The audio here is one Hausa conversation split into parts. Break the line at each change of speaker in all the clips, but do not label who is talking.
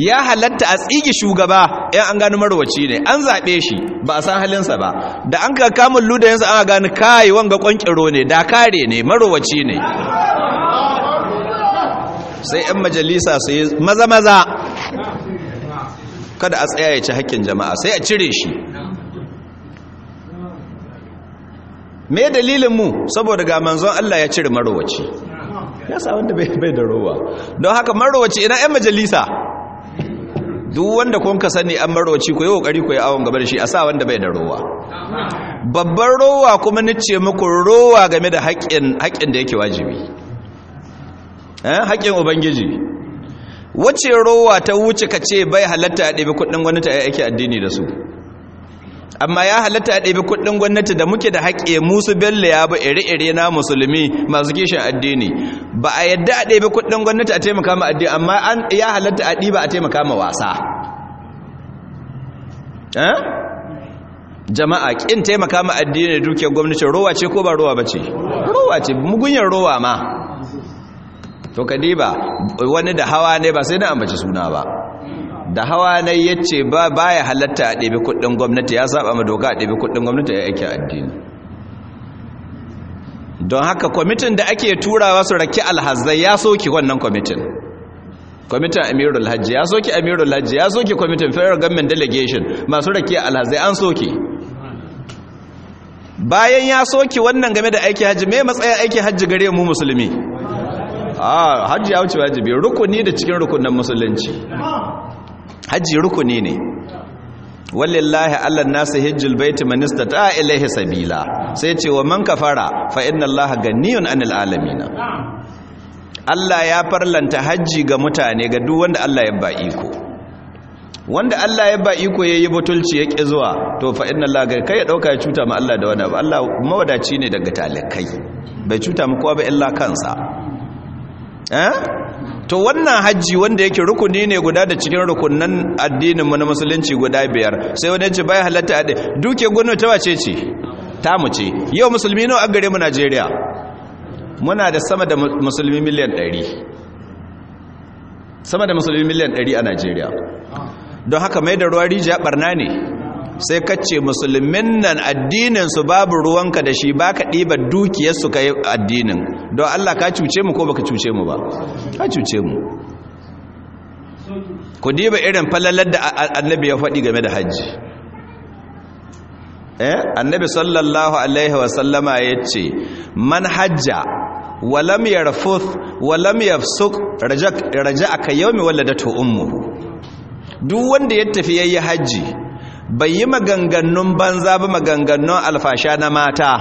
ya halatta a tsigi shugaba yan an gano marwaci ne an zaɓe shi ba a san halinsa ba da an ka kamun ludayensa an gani kayi wanga ƙwanƙiro ne da kare ne marwaci ne sai yan majalisa su yi maza-maza kada a tsaya ya ci haƙƙin jama'a sai a cire shi me dalilin mu saboda ga manzon Allah ya cire marwaci? ya sa wanda bai da rowa don haka marwaci ina yan majalisa duk wanda kun ka sani an maroci ku yi kokari ku yi awon gaba da shi a sa wanda bai da rowa babban rowa kuma ni ce muku rowa game da haƙƙin haƙƙin da yake wajibi eh haƙƙin ubangiji wace rowa ta wuce ka ce bai halatta a ɗebi kuɗin wani ta aiki addini da su amma ya halatta a ɗabi kuɗin gwamnati da muke da haƙƙi musu bello ya ba ire-ire na musulmi masu kishin addini ba a yadda a ɗabi kuɗin gwamnati a taimaka ma addini amma an ya halatta a ɗiba a taimaka ma wasa eh? jama'a kin taimaka ma addini da gwamnati rowa ce ko ba rowa ba ce rowa ce mugunyar rowa ma to ka diba wani da hawa ne ba sai na ambaci suna ba da hawa na ce ba baya halatta a ɗabi kuɗin gwamnati ya saba ma doka a ɗabi kuɗin gwamnati ya aiki addini don haka kwamitin da ake turawa su raki alhazai ya soki wannan kwamitin kwamitin amirul hajji ya soki amirul hajji ya soki kwamitin federal government delegation masu raki alhazai an soki bayan ya soki wannan game da aiki hajji me matsaya aiki hajji gare mu musulmi a ah, hajji ya wuce wajibi rukuni da cikin rukunin musulunci hajji rukuni ne wallillahi allah nasu hijjul baiti minista ta ilaihi sabila sai ce wa man kafara fa inna allaha ganiyun anil alamin Allah ya farlanta hajji ga mutane ga duk wanda Allah ya ba iko wanda Allah ya ba iko yayi butulci ya ki zuwa to fa inna allaha kai ya dauka ya cuta ma Allah da wani abu Allah mawadaci ne daga talakai bai cuta mu kowa ba illa kansa eh to wannan hajji wanda yake rukuni ne guda da cikin rukunan addinin mu na musulunci guda biyar sai wani ce bai halatta a duke gunu ta wace ce ta mu ce yau musulmi nawa a gare mu Najeriya muna da sama da musulmi miliyan 100 sama da musulmi miliyan 100 a Najeriya don haka mai da ruwa rijiya barna ne sai kace musulmin nan addinin su babu ruwanka da shi baka diba dukiyar su kai addinin don Allah ka cuce mu ko baka cuce mu ba ka cuce mu ku diba irin falalar da annabi ya faɗi game da hajji eh annabi sallallahu alaihi wa sallama yace man hajja walam yarfuth walam yafsuq raja raja aka yawmi waladatu ummu. duk wanda ya tafi yayi hajji bai yi maganganun banza ba maganganun alfasha na mata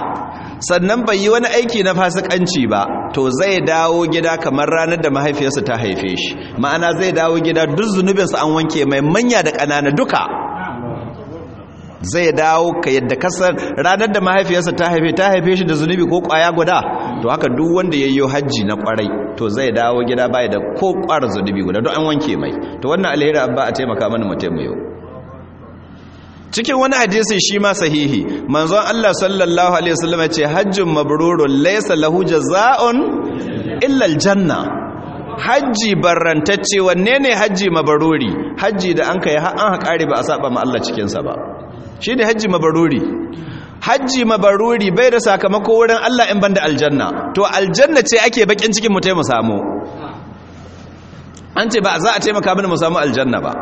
sannan bai yi wani aiki na fasikanci ba to zai dawo gida kamar ranar da mahaifiyarsa ta haife shi ma'ana zai dawo gida duk zunubinsa an wanke mai manya da ƙanana duka zai dawo ka yadda kasar ranar da mahaifiyarsa ta haife ta haife shi da zunubi ko ƙwaya guda to haka duk wanda ya yi hajji na ƙwarai to zai dawo gida baya da ko ƙwara zunubi guda don an wanke mai to wannan alheri abba a taimaka mana mu taimaka cikin wani hadisi shi ma sahihi manzon Allah sallallahu alaihi wasallam ce hajjun mabrurun laysa lahu jazaa'un illa aljanna hajji barrantacce wanne ne hajji mabaruri hajji da an kai har an ba a saba ma Allah cikin sa ba shine hajji mabaruri hajji mabaruri bai da sakamako wurin Allah in banda aljanna to aljanna ce ake bakin cikin mu mu samu an ce ba za a taimaka mana mu samu aljanna ba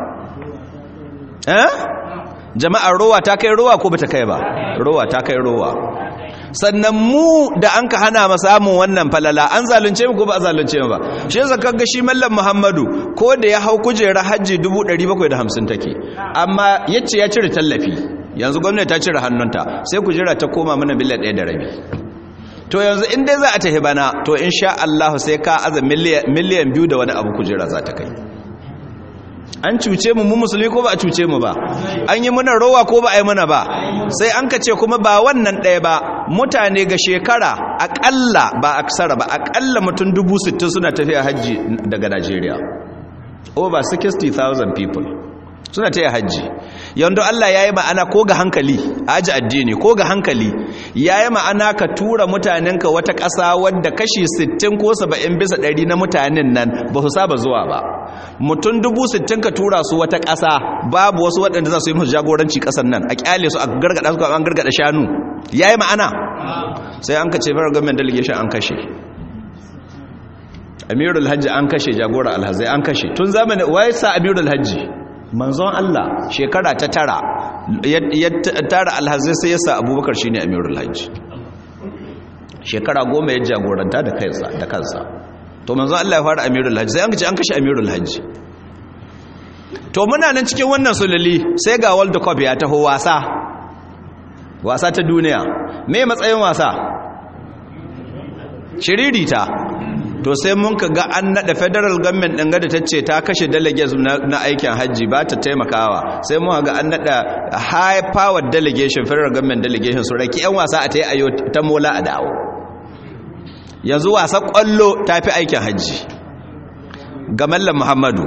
eh jama'ar rowa ta kai rowa ko bata kai ba rowa ta kai rowa sannan mu da an ka hana mu samun wannan falala an zalunce mu ko ba zalunce mu ba shi yasa kaga shi mallam Muhammadu ko da ya hau kujera haji 750 take amma yace ya cire tallafi yanzu gwamnati ta cire hannunta sai kujera ta koma mana biliyan 1 da rabi to yanzu in dai za a tafi bana to insha Allah sai ka aza miliyan biyu da wani abu kujera za ta kai an cuce mu mu musulmi ko ba a cuce mu ba an yi muna rowa ko ba a yi muna ba sai an ka ce kuma ba wannan ɗaya ba mutane ga shekara aƙalla ba aksara ba aƙalla mutum dubu sittin suna tafiya hajji daga najeriya over 60,000 people suna taya hajji yadda Allah ya yi ma'ana ko ga hankali aji addini ko ga hankali ya yi ma'ana ka tura mutanenka wata ƙasa wadda kashi 60 ko 70 bisa 100 na mutanen nan ba su saba zuwa ba mutum dubu sittin ka tura su wata ƙasa babu wasu waɗanda za su yi masu jagoranci ƙasar nan a ƙyale su a gargaɗa su an gargaɗa shanu ya yi ma'ana sai an kace fara gwamnan delegation an kashe amirul hajji an kashe jagora alhazai an kashe tun zamanin wai sa amirul hajji manzon Allah shekara ta tara ya tara alhazai sai ya sa abubakar shine amirul hajji shekara goma ya jagoranta da kansa to manzo Allah ya fara amirul hajji sai an kace an kashe amirul hajji to muna nan cikin wannan sulali sai ga world cup ya taho wasa wasa ta duniya me matsayin wasa shiririta to sai mun ka ga an nada federal government din ga da tace ta kashe delegates na aikin hajji ba ta taimakawa sai mun ga an nada high power delegation federal government delegation su raki yan wasa a tayi ayo ta mola a dawo yanzu wasan kwallo ta fi aikin hajji ga mallam muhammadu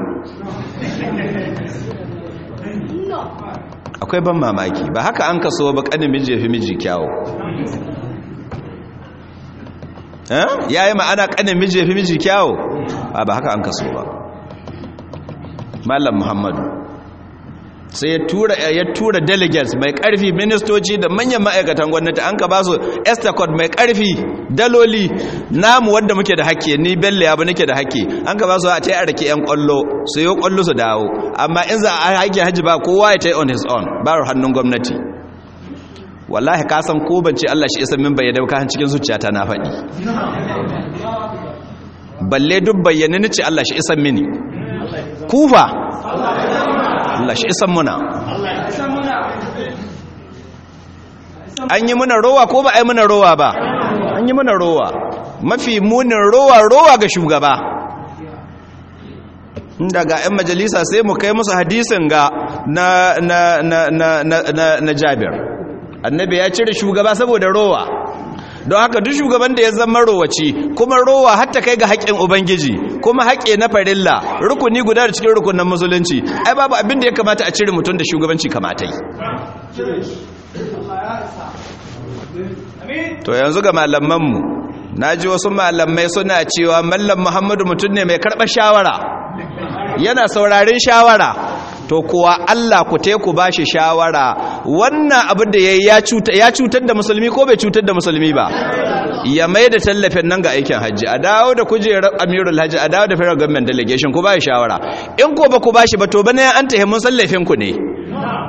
akwai ban mamaki ba haka an kaso ba kanin miji fi miji kyawo eh? ya yi ma'ana kanin miji fi miji kyawo ba haka an kaso ba mallam muhammadu sai eh, ya tura delegates mai karfi ministoci da manyan ma'aikatan gwamnati an ka ba su estacot mai karfi daloli namu wanda muke da hakke ni belle ya nake da hakke an ka ba su a tai a rake yan kwallo su yi kwallo su dawo amma in za a haƙƙi haji ba kowa ya tai on his own ba hannun gwamnati wallahi ka san ko bance Allah shi isa min bayyana ka cikin zuciyata na faɗi balle duk bayyana ni ce Allah shi isa mini kufa Allah shi isan muna an yi muna rowa ko ba a yi muna rowa ba an yi muna rowa mafi munin rowa rowa ga shugaba daga 'yan majalisa sai mu kai musu hadisin ga na jabir annabi ya cire shugaba saboda rowa don haka duk shugaban da ya zama rowaci kuma rowa hatta kai ga haƙƙin ubangiji kuma haƙƙi na farilla rukuni guda da cikin rukunin musulunci ai babu abin da ya kamata a cire mutum da shugabanci kamata yi to yanzu ga malamanmu na ji wasu malamai suna cewa mallam muhammadu mutum ne mai karɓar shawara yana saurarin shawara to kuwa Allah ku te ku bashi shawara wannan abin da yayi ya cutar ya cutar da musulmi ko bai cutar da musulmi ba ya mai da tallafin nan ga aikin hajji a dawo da kujerar amirul hajji a dawo da federal government delegation ku bashi shawara in ko ba ku bashi ba to bana an tahi mun sallafin ku ne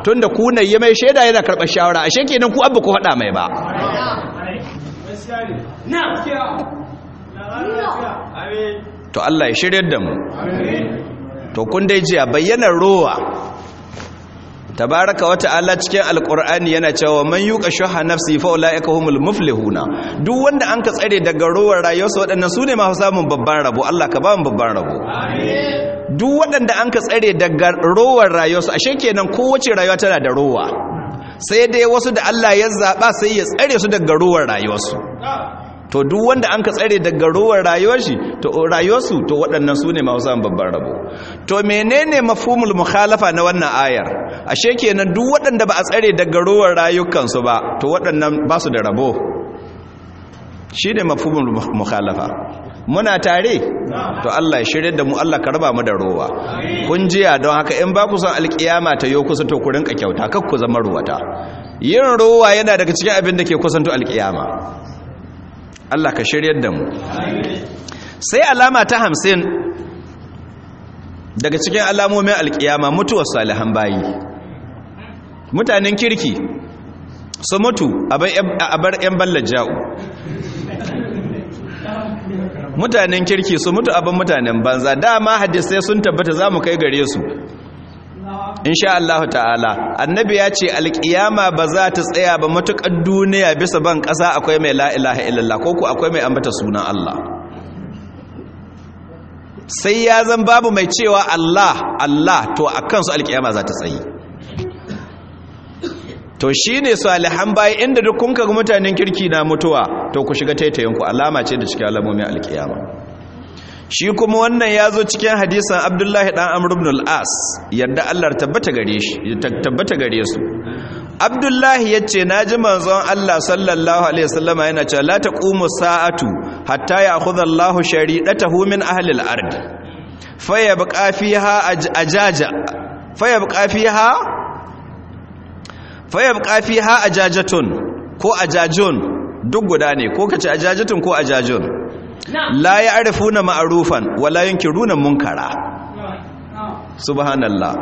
tunda ku ne ya mai shaida yana karɓar shawara ashe kenan ku abba ku faɗa mai ba to Allah ya shiryar da mu amin to kun dai jiya bayyanar ruwa tabaraka wata allah cikin alqur'ani yana cewa man yuqa shuha nafsi fa ulaika humul muflihuna duk wanda an ka tsare daga ruwan rayuwarsa waɗannan su ne masu samun babban rabo Allah ka ba mu babban rabo amin duk waɗanda an ka tsare daga rowar rayuwarsa ashe kenan kowace rayuwa tana da ruwa, sai dai wasu da Allah ya zaba sai ya tsare su daga ruwan rayuwarsu to duk wanda an ka tsare daga ruwan rayuwar shi to rayuwarsu to waɗannan su ne masu samun babban rabo to menene mafhumul mukhalafa na wannan ayar ashe kenan duk waɗanda ba a tsare daga ruwan rayukansu ba to waɗannan ba su da rabo shi ne mafhumul mukhalafa muna tare to Allah ya shirye da mu Allah ka raba mu da rowa kun jiya don haka in ba ku son alkiyama ta yo kusa to ku rinka kyauta kar ku zama ruwata yin rowa yana daga cikin abin da ke kusanto alkiyama Allah ka shiryar da mu sai alama ta hamsin daga cikin alamomin alkiyama mutuwar salihan bayi mutanen kirki su mutu a bar 'yan ja'u mutanen kirki su mutu abin mutanen banza dama hadisai sun tabbata za mu kai gare su insha Allah ta'ala annabi ya ce alkiyama ba za ta tsaya ba matukar duniya bisa ban ƙasa akwai mai la illallah ko ku akwai mai ambata sunan Allah sai ya zan babu mai cewa Allah Allah to a kansu alkiyama za ta tsayi to shi ne salihan bayi inda duk kun mutanen kirki na mutuwa to ku shiga taitayen ku alama ce da cikin alamomin alkiyama shi kuma wannan ya zo cikin hadisan abdullahi ɗan amr ibn al-as yadda Allah tabbata gare shi Abdullahi ya ce na ji naji manzon Allah sallallahu alaihi wasallam yana cewa la taqumu sa'atu hatta ya'khudha Allahu shari'atahu min ahli al-ard fayabqa fiha ajaja fayabqa fiha fayabqa fiha ajajatun ko ajajun duk guda ne ko kace ajajatun ko ajajun la ya'rifuna ma'rufan wa la yunkiruna munkara subhanallah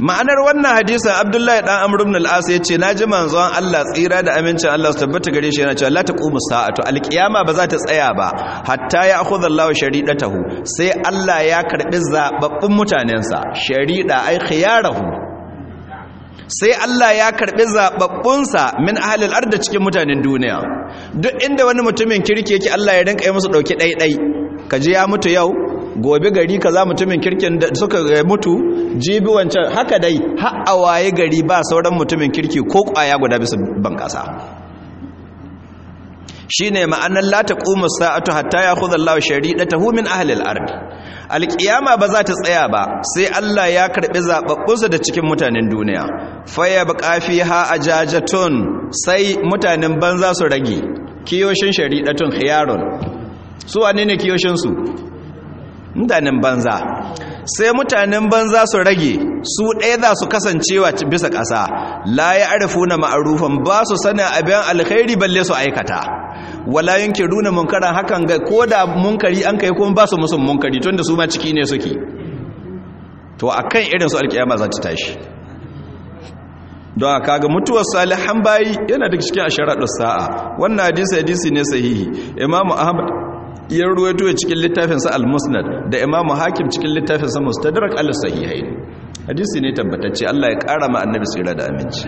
ma'anar wannan hadisin abdullahi dan amr ibn al-as yace naji manzon Allah tsira da amincin Allah su tabbata gare shi yana cewa la taqumu sa'atu al-qiyama ba za ta tsaya ba hatta ya akhudha Allahu shari'atahu sai Allah ya karbi zababbun mutanensa shari'a ai khiyarahu sai Allah ya karɓi zaɓaɓɓunsa min ahalil arda cikin mutanen duniya duk inda wani mutumin kirki yake Allah ya rinka yi musu ɗauki ɗaiɗai ka ji ya mutu yau gobe gari ka za mutumin kirkin da suka mutu jibi wancan haka dai har awaye gari ba sauran mutumin kirki ko kwaya guda bisa ban shine ma'anar la taqumu sa'atu hatta ya ya'khudha Allah sharidatahu min tahumin ahalil ardi alƙiyama ba za ta tsaya ba sai Allah ya karɓi zababbunsa da cikin mutanen duniya faya ha a jajatun sai mutanen banza su rage kiyoshin sharidatun khiyarun su wane ne kiyoshin su mutanen banza sai mutanen banza su rage su ɗaya za su kasancewa bisa ƙasa la ya na ma'arufan ba su sanin abin alkhairi balle su aikata wala yunkiruna munkara hakan ga da munkari an kai kuma ba su musu munkari tunda su ma ciki ne suke to a kan irin su alkiyama za ta tashi don kaga mutuwar salihan bayi yana da cikin asharaɗar sa'a wannan hadisi hadisi ne sahihi imamu ahmad ya ruwaito ya cikin littafinsa al-musnad da imamu hakim cikin littafinsa mustadrak al-sahihain hadisi ne tabbatacce Allah ya kara ma annabi tsira da aminci